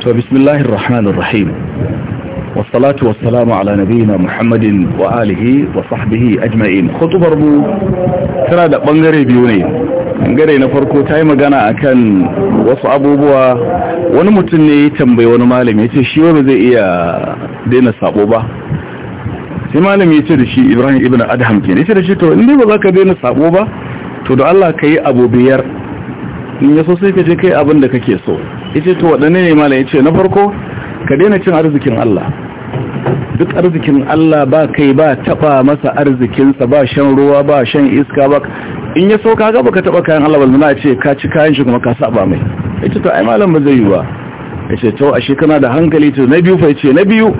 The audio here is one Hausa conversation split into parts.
to bismillahir rahmanir rahim wassalatu wassalamu ala nabiyyina muhammadin wa alihi wa sahbihi ajma'in khutubar mu tana da bangare biyu ne bangare na farko ta yi magana akan wasu abubuwa wani mutum ne ya tambayi wani malami yace shi ba zai iya daina sabo ba sai malami yace da shi Ibrahim ibn Adham kenan yace da shi to inda ba za ka daina sabo ba to da Allah ka yi abu biyar in yaso sai ka je kai abin da kake so ita to wadanne ne ya yace na farko ka daina cin arzikin Allah duk arzikin Allah ba kai ba taba masa arzikinsa ba shan ruwa ba shan iska ba in ya so kaga baka taba kayan Allah balmuna ce ka ci kayan shi kuma ka saba mai ita to ai malam ba zai yi ba yace to ashe kana da hankali to na biyu fa yace na biyu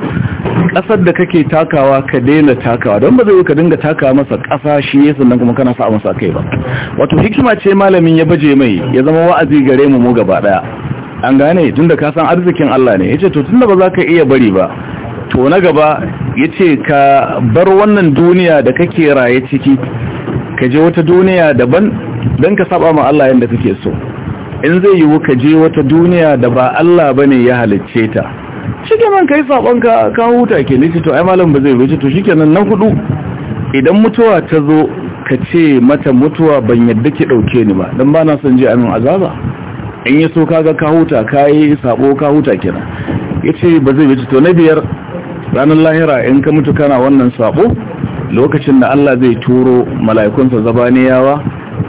kasar da kake takawa ka daina takawa don ba zai yi ka dinga takawa masa kasa shi ne sannan kuma kana sa masa kai ba wato hikima ce malamin ya baje mai ya zama wa'azi gare mu mu gaba daya an gane tunda ka san arzikin Allah ne yace to tunda ba za ka iya bari ba to na gaba yace ka bar wannan duniya da kake raye ciki ka je wata duniya daban don ka saba ma Allah yadda kake so in zai yiwu ka je wata duniya da ba Allah bane ya halicce ta shi man ka yi saɓon ka huta ke ne to ai malam ba zai wuce to shi kenan nan hudu idan mutuwa ta zo ka ce mata mutuwa ban yadda ki ɗauke ni ba dan ba na son ji amin azaba in ya so kaga ka huta ka yi saɓo ka huta kenan ya ce ba zai wuce to na biyar ranar lahira in ka mutu kana wannan sabo lokacin da Allah zai turo mala'ikunsa zabaniyawa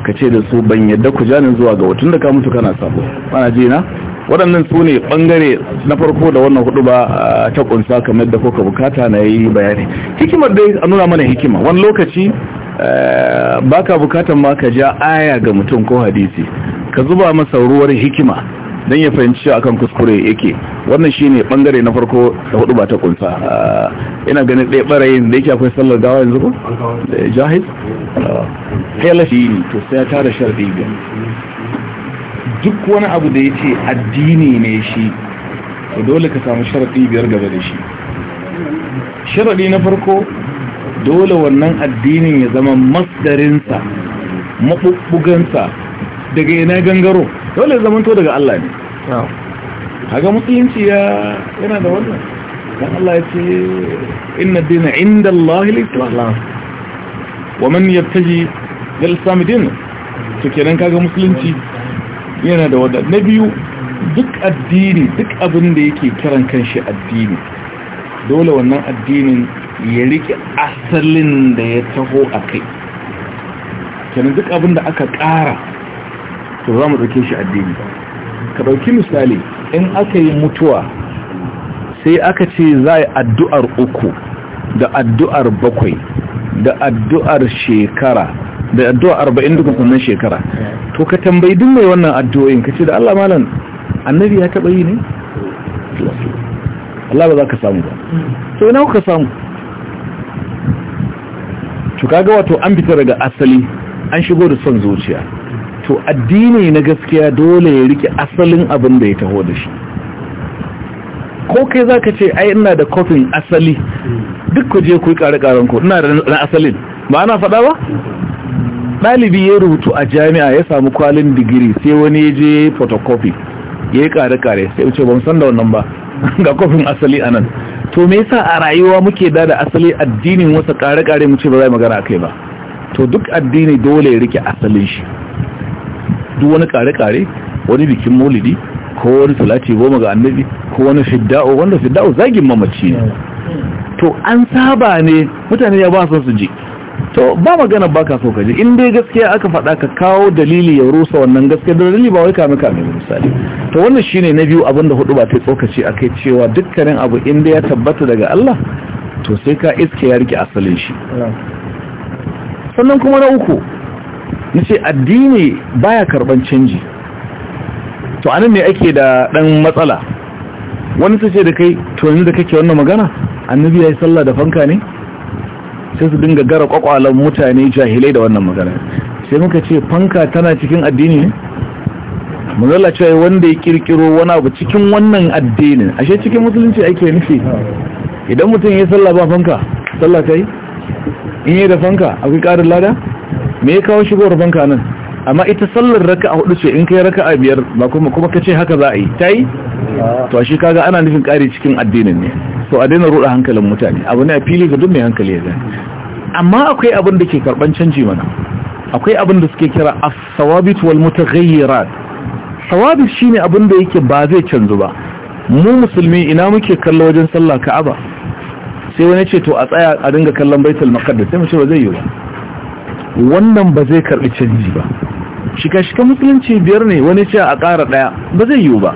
ka ce da su ban yadda ku janin zuwa ga watun da ka mutu kana sabo ana ji na waɗannan su ne ɓangare na farko da wannan hudu ba ta ƙunsa kamar da kuka bukata na yi bayani hikimar dai a nuna mana hikima wani lokaci ba ka bukatan ma ka ja aya ga mutum ko hadisi ka zuba masa ruwar hikima don ya fahimci a kan kuskure yake wannan shine ɓangare na farko da hudu ba ta kunsa ina ganin ɗaya ɓarayin da yake akwai sallar gawa yanzu ko eh, jahiz hela to sai ya tara sharɗi biyu duk wani abu da ya ce addini ne shi to dole ka samu sharaɗi biyar gaba da shi sharaɗi na farko dole wannan addinin ya zama masdarinsa maɓuɓɓugansa daga yana gangaro dole ya zamanto daga Allah ne haga musulunci ya yana da wannan dan Allah ya ce inna dina inda Allah al-islam wa man yattaji lil samidin to kenan kaga musulunci yana da wadda na biyu duk addini duk abin da yake kiran kanshi addini dole wannan addinin ya rike asalin da ya taho a kai kenan duk abin da aka ƙara to za mu ɗauke shi addini ka ɗauki misali in aka yi mutuwa sai aka ce za a yi addu'ar uku da addu'ar bakwai da addu'ar shekara da addu'a arba'in dukkan sannan shekara to ka tambayi duk mai wannan addu'o'in ka ce da Allah malam annabi ya taɓa yi ne? Allah ba za ka samu ba to ina ka samu to kaga wato an fita daga asali an shigo da son zuciya to addini na gaskiya dole ya rike asalin abin da ya taho da shi ko kai za ka ce ai ina da kofin asali duk ku je ku yi ƙare-ƙaren ku ina da na asalin ba ana faɗa ba ɗalibi ya rubutu a jami'a ya samu kwalin digiri sai wani ya je photocopy ya yi kare-kare sai wuce ban san da wannan ba ga kofin asali a nan to me yasa a rayuwa muke da da asali addinin wasa kare-kare mu ce ba za magana a kai ba to duk addini dole ya rike asalin shi duk wani kare-kare wani bikin maulidi ko wani salati goma ga annabi ko wani fidda'o wanda fidda'o zagin mamaci ne to an saba ne mutane ya ba su su je to ba magana ba ka so ka ji in dai gaskiya aka faɗa ka kawo dalili ya rusa wannan gaskiya da dalili ba wai kame kame misali to wannan shine na biyu abin da hudu ba ta tsokace akai cewa dukkanin abu in dai ya tabbata daga Allah to sai ka iske ya rike asalin shi sannan kuma na uku nace addini baya karban canji to anan ne ake da ɗan matsala wani ce da kai to yanzu da kake wannan magana annabi yi sallah da fanka ne sai su dinga gara kwakwalan mutane jahilai da wannan magana sai muka ce fanka tana cikin addini ne mazala cewa wanda ya kirkiro wani abu cikin wannan addinin ashe cikin musulunci ake nufi idan mutum ya salla ba fanka ta yi in yi da fanka akwai karin lada me ya kawo shigowar fanka nan amma ita sallar raka a hudu ce in kai raka a biyar ba kuma kuma kace haka za a yi ta yi to a shi kaga ana nufin kare cikin addinin ne to a daina ruɗa hankalin mutane abu ne a fili ga duk mai hankali ya amma akwai abin da ke karban canji mana akwai abin da suke kira as-sawabit wal mutaghayyirat sawabit shine abin da yake ba zai canzu ba mu musulmi ina muke kallo wajen sallah ka'aba sai wani ce to a tsaya a dinga kallon baitul maqdis sai mu ce ba zai yi ba wannan ba zai karbi canji ba shika-shika musulunci biyar ne wani ce a ƙara ɗaya ba zai yiwu ba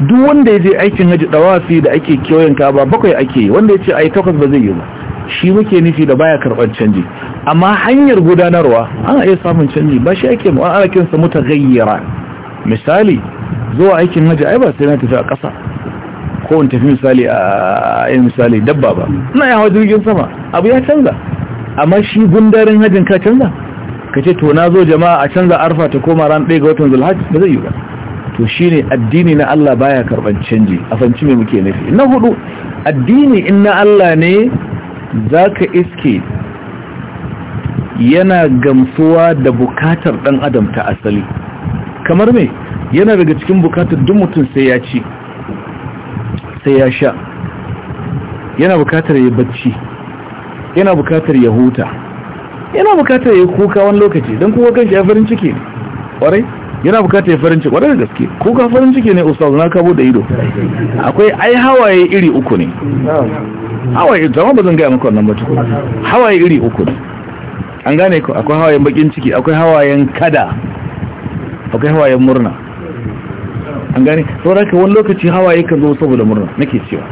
duk wanda ya je aikin haji ɗawafi da ake kewayen kaba bakwai ake yi wanda ya ce a yi takwas ba zai yiwu ba shi muke nufi da baya karɓar canji amma hanyar gudanarwa ana iya samun canji ba shi ake ana kinsa muta gayyara misali zuwa aikin haji ai ba sai na tafi a ƙasa ko in tafi misali a yin misali dabba ba ina yawa jirgin sama abu ya canza amma shi gundarin hajin ka canza ka ce to na zo jama'a a canza arfa ta koma ran ɗaya ga watan zulhaj ba zai yi ba to shine addini na Allah baya karban canji a fanci mai muke nufi na hudu addini in na Allah ne za ka iske yana gamsuwa da bukatar ɗan adam ta asali kamar me yana daga cikin bukatar duk mutum sai ya ci sai ya sha yana bukatar ya bacci yana bukatar ya huta yana bukatar ya kuka wani lokaci don kuka kanki ya farin ciki kwarai yana bukatar ya farin ciki kwarai da gaske kuka farin ciki ne ustaz na kabo da ido akwai ai hawaye iri uku ne hawaye zama ba zan gaya maka wannan batu hawaye iri uku ne an gane akwai hawayen bakin ciki akwai hawayen kada akwai hawayen murna an gane saboda ka wani lokaci hawaye kan zo saboda murna nake cewa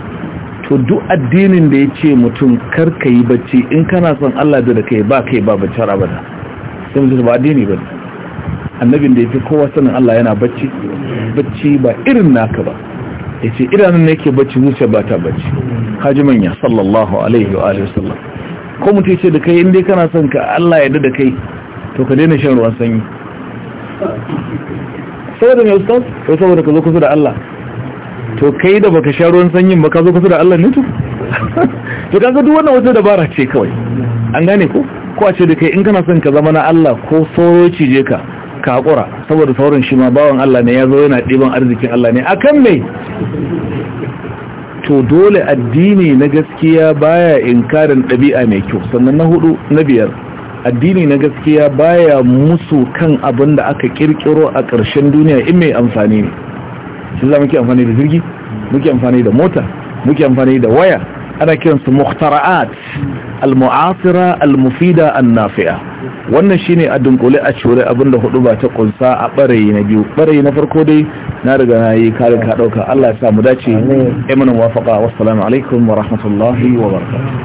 to duk addinin da ya ce mutum karka yi bacci in kana son Allah da kai ba kai ba bacci abada sai mutum ba addini ba annabin da ya fi kowa sanin Allah yana bacci bacci ba irin naka ba ya ce idanun ne yake bacci zuciya ba ta bacci haji manya sallallahu alaihi wa alihi wasallam ko mutum ya ce da kai in dai kana son ka Allah ya da kai to ka daina shan ruwan sanyi saboda mai ustaz ko saboda ka zo kusa da Allah to kai da baka sha ruwan sanyin ba ka zo kusa da Allah ne to to kaga duk wannan wata dabara ce kawai an gane ko ko a ce da kai in kana son ka zama na Allah ko sauro cije ka ka hakura saboda saurin shi ma bawan Allah ne ya zo yana ɗiban arzikin Allah ne akan me to dole addini na gaskiya baya inkarin ɗabi'a mai kyau sannan na hudu na biyar addini na gaskiya baya musu kan abin da aka kirkiro a ƙarshen duniya in mai amfani ne shi za muke amfani da jirgi muke amfani da mota muke amfani da waya ana kiransu muhtara'at al-mu'asira al-mufida an-nafi'a wannan shine a dunkule a cure abinda hudu ba ta kunsa a barayi na biyu barayi na farko dai na riga na yi kare ka dauka Allah ya sa mu dace amin wafaqa wassalamu alaikum wa rahmatullahi wa barakatuh